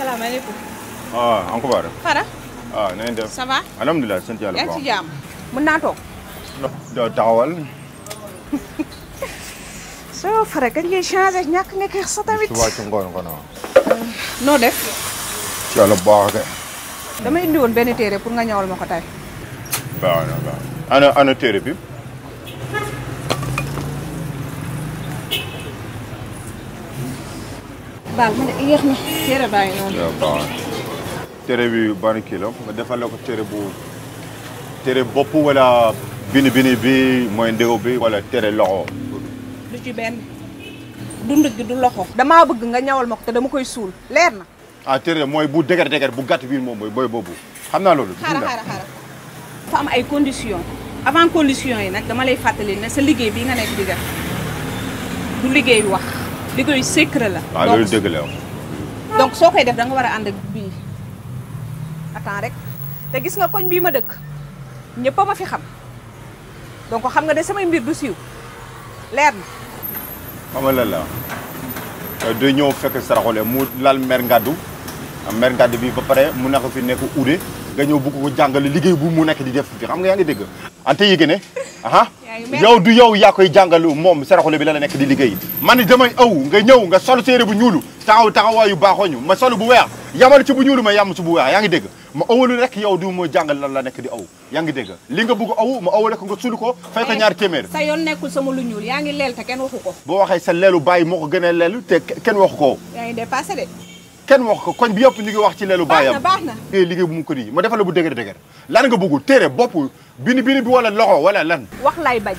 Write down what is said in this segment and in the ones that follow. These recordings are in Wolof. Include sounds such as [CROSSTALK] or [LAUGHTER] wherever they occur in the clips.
asalaamaaleykum. waaw ah, Oncle Bara. Fara. waaw ah, na ngeen def. ça baax yaa ngi ci jàmm. mën naa toog. doo taxawal. [LAUGHS] soo Fara kañ ngay changé ñàkk nga keex sa tamit. suba ci ngoon ko euh, noo def. ci yàlla baax kay. dama indi woon benn téere pour nga ñawal ma ko tey. baax na baax ana ana téere bi. baal ma de yéex bàyyi noonu. waaw téere bi bari kii la nga ko téere bu téere bopp wala bini bini bi mooy ndéw bi wala téere loxo. du ci benn dund gi du loxo. damaa bëgg nga ñawal ma ko te dama koy suul leer na. ah téere mooy bu dëgër dëgër bu gàtt bii moom mooy booy boobu xam naa loolu. xaaral xaaral xaaral am ay conditions avant conditions yi nag dama lay fàttali ne sa liggéey bii nga nekk di du liggéeyu wax. liggéey yu secret la. waaw ah, loolu dëgg la donc soo koy def da nga war a ànd ak bii attends rek te gis nga koñ bii ma dëkk ñëpp a fi xam donc xam nga de samay mbir du siiw leer na. xamala la day ñëw fekk saraxole mu lal mer ngàddu mer ngàddu bi ba pare mu nekk fi nekk uude nga ñëw bëgg ko jàngale liggéey bu mu nekk di def fi xam nga yaa ngi dégg ante yéegi ne yow du yow yaa koy jàngalu moom saraxule bi la la nekk di liggéey man damay aw nga ñëw nga sol séeré bu ñuulu taxaw taxawaayu baaxooñu ma sol bu weex yamal si bu ñuulu ma yam ci bu weex yaa ngi dégg ma awalu rek yow du ma jàngal lan la nekk di aw yaa ngi dégg li nga bugg aw ma awal rek nga sulu ko fay ko ñaar téeméer sa yoon nekkul sama lu ñuul yaa ngi leel te kenn waxu ko boo waxee sa leelu bàyyi moo ko gën a leelu te kenn waxu ko yaa kenn wax ko koñ bi yëpp ñu ngi wax ci leelu baayam baax na eh, liggéey bu mu ko di ma defal la bu dëgër dëgër lan nga bëggul téere bopp bini bini bi wala loxo wala lan wax lay bañ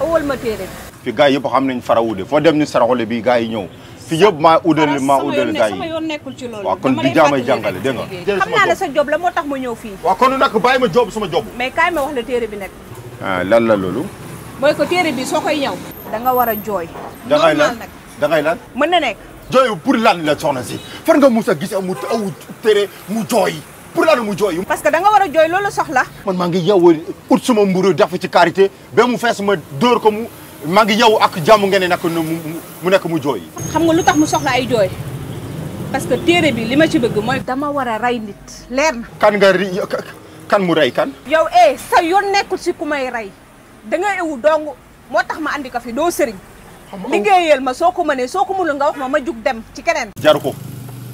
awal ma téere fi gars yëpp nañ farawude foo dem ñu saraxole bi gars yi ñëw fi yëpp maa udal maa udal gars yi waaw kon di jaamay jàngale dégg nga xam naa ne sa job la moo tax ma ñëw fii waaw kon nag bàyyi ma job suma job mais kaay ma wax la téere bi nag ah lan la loolu mooy ko téere bi soo koy ñëw da nga war a jooy da ngay lan da ngay lan mën na nekk jooyu pour lan la soxna si far nga mus a gis mu aw tere mu jooy pour lan mu jooy. parce que da war a jooy loolu soxla. man maa ngi yow ut suma mburu def ci karité ba mu fees ma dóor ko mu maa ngi yow ak jàmm ngeen ne nag mu nekk mu jooy. xam nga lu tax mu soxla ay jooy parce que téere bi li ma ci bëgg mooy. dama war a rey nit leer na. kan kan mu rey kan. yow eh sa yoon nekkul si ku may rey da nga ewu dong moo tax ma andi ko fi doo sëriñ. liggéeyal ma soo ko mënee soo ko mënul nga wax ma ma jug dem ci keneen. jaru ko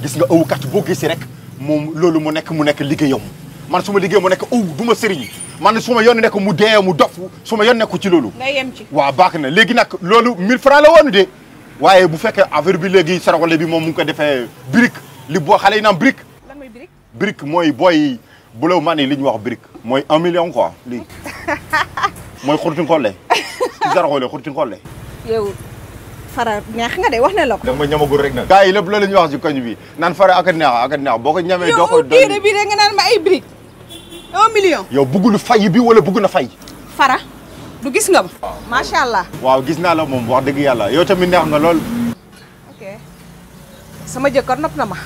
gis nga ëw kat boo gisee rek moom loolu mu nekk mu nekk liggéeyam man suma ma mu nekk ëw du ma sëriñ man su ma yoon nekk mu dee mu dof su ma yoon nekku ci loolu. nga yem ci baax na léegi nag loolu 1000 francs la woon de waaye bu fekkee affaire bi léegi saraxole bi moom mu ngi ko defee brique li boo xale yi naan brique. lan mooy brique. mooy booy bu law man li ñu wax brique. mooy 1 million quoi lii [LAUGHS] mooy xurtu xolle ci saraxole yow fara neex de wax na la ko. da nga rek nag. yi lépp loolu la ñuy wax ci koñ bi naan fara ak a neex ak a neex boo ko ñamee. doo ko doy yow bii rek yow bi wala bëgg na fay. fara gis nga macha allah. waaw gis naa la moom wax dëgg yàlla yow tamit neex nga lool. ok sama jëkkër nopp na ma.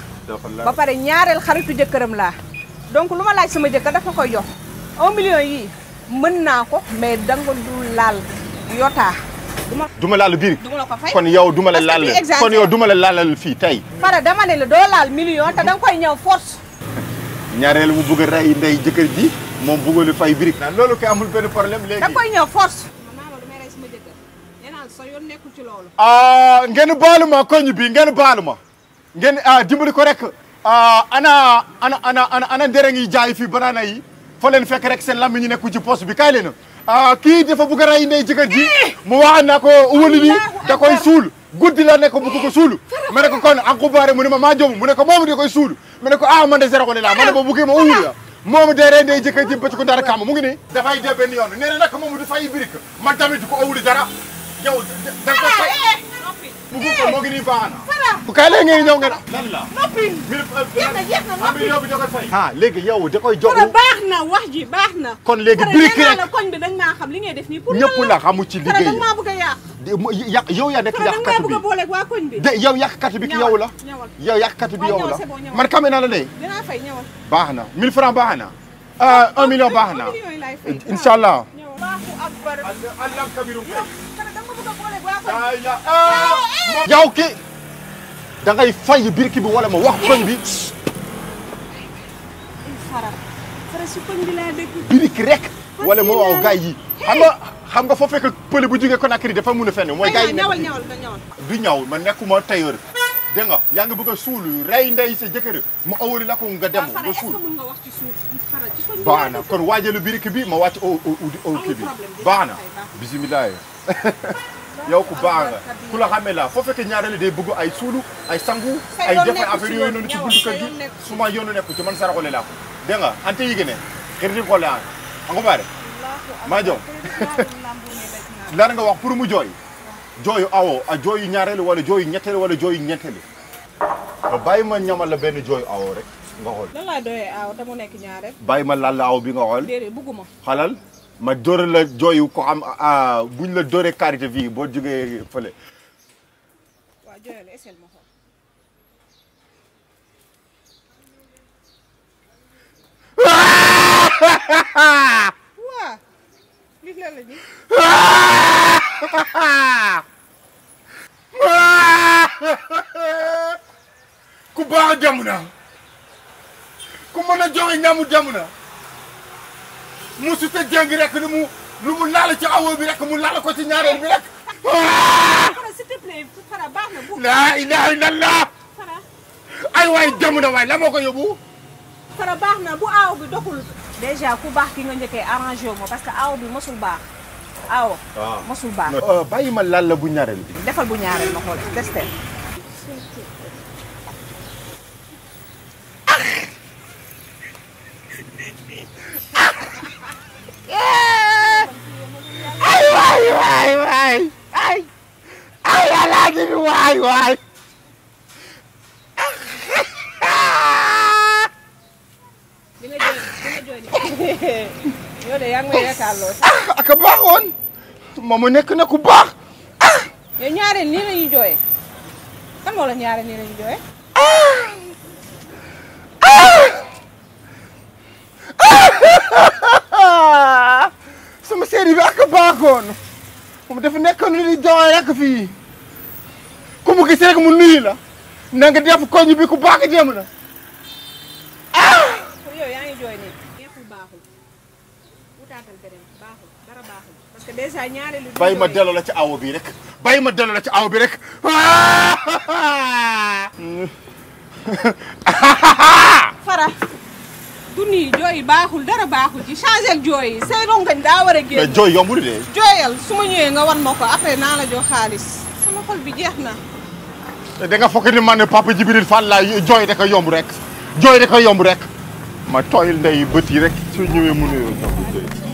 ba pare ñaareel xaritu jëkkëram laa. donc lu ma laaj sama jëkkër dafa koy jox. un million yii mën naa ko. mais dangu du laal yotaa. duma laal biir duma la ko fay kon yow duma la yow duma la laalal fii tey pare dama ne la doo laal million te danga koy ñëw force [LAUGHS] ñaareel mu bëgg a rey ndey jëkkër ji moom bëggul fay birik na loolu kay amul benn problème léegi da koy ñëw force ah ngeen baalu ma koñ bi ngeen baalu ma ngeen ah dimbali ko rek ah, ana ana ana ana ndere ngi jaay fii banaana yi foo leen fekk rek seen lammi ñu nekku ci poste bi kaay leen ah kii dafa bugg a rey ndey jëkkër ji eh! mu wax na ko wëli ni da koy suul guddi la ne ko ko suul ma ko kon encouragé mu ne ma maa jom ko moom da koy suul ma ne ko ah man de zéro ne laa ma ne ba buggee ma uwul la moom de rey ndey jëkkër ji ba ci ko dara kàmm mu ngi nii dafay dee benn yoon nee na nag moom du fay birik man tamit du ko owuli dara yow da nga ko fay ah, eh! bu guub ko moo ngi nii baax na. bu kaay léegi ngeen ñëw nga. lan la noppi. yéex na yéex na noppi yow bi ah, baax na kon léegi brique rek la koñ bi dañ maa xam li ngay def nii. pour ñëpp ci liggéey yi maa bëgg yàq. yow yaa nekk yàqkat bi booleeg waa koñ bi de yow yàqkat bi yow la yow yàqkat bi yow la man kame naa la de dinaa fay ñëwal baax na mille ah, baax na un million baax na inshallah allahu yow ki dangay ngay fay birki bi wala ma wax koñ bi. biriki rek. wala ma waaw gars yi xam nga xam nga foo fekk pële bu ko Conakry dafa mun a fenn mooy. gars yi nekk du ñaw ma nekkuma tailleur. dégg nga yaa ngi bëgg a suul rey ndey sa jëkkër mu awari la nga dem nga suul baax na kon waajalu birik bi ma wàcc au au kii bi baax na bisimilah [LAUGHS] ku baax ku la xamee laa foo fekkee ñaareel day bëgg ay suulu ay sangu ay defe affaire yooyu noonu ci buntu kër gi suma yoonu nekku ci man saraxole la laa dégg nga ante yi gene xirri ko la bare maa jom lan nga wax pour mu jooy jooyu awo a jooyu ñaareelu wala jooyu ñetteelu wala jooyu ñetteelu bàyyi ma ñamal benn jooyu awo rek nga xool. lan laa doyee awo nekk ñaareel. bàyyi ma laal bi nga xool. xalal ma dóore la jooyu ko am buñ la dóoree karité fii boo jógee fële. waaw jooyal la essayé ma xool. [LAUGHS] ku baax jàmm na ku mën a joxe ñamu jàmm na mu su te jàng rek lu mu lu mu laal ci awo bi rek mu laal ko ci ñaareel bi rek. s'il laa ilaha ay waay jàmm na waay la moo ko yóbbu. Fara baax na bu aaw bi doxul. déjà ku baax ki nga njëkkee arrangé wu ma parce que aaw bi mosul baax. aw waaw ah. mosul baax. Euh, bàyyi ma lal la bu ñaareel bi. defal bu ñaareel ma xool testé. ay waay waay waay ay ay alaaji bi waay waay. dina jooy dina jooy [LAUGHS] yow de yaa ngi may ah, ak a baax woon moomu nekk na ku baax ah. yow ñaare nii la ñuy jooyee kan moo la ah. Ah. bi ak baaxoon moom dafa nekkoon lu ñuy jooyee fii ku mu gis rek mu nuyu la na nga def koñ bi ku baax jéem la. xamante ma delloo la ci awo bi rek bàyyi ma delloo la ci awo bi rek. [LAUGHS] fara duni jooy baaxul dara baaxul ci changel jooy yi say daa war a génn. jooy de. jooyal su ma ñëwee nga wan ma ko après naa bi jeex na. da laa jooy da yomb rek jooy da ko yomb rek ma tooyil ndey bët yi rek su ñëwee mu nuyoo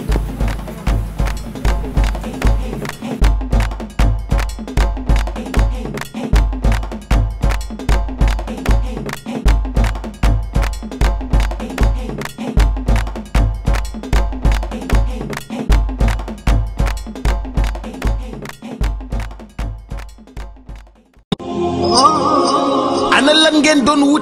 ngeen doon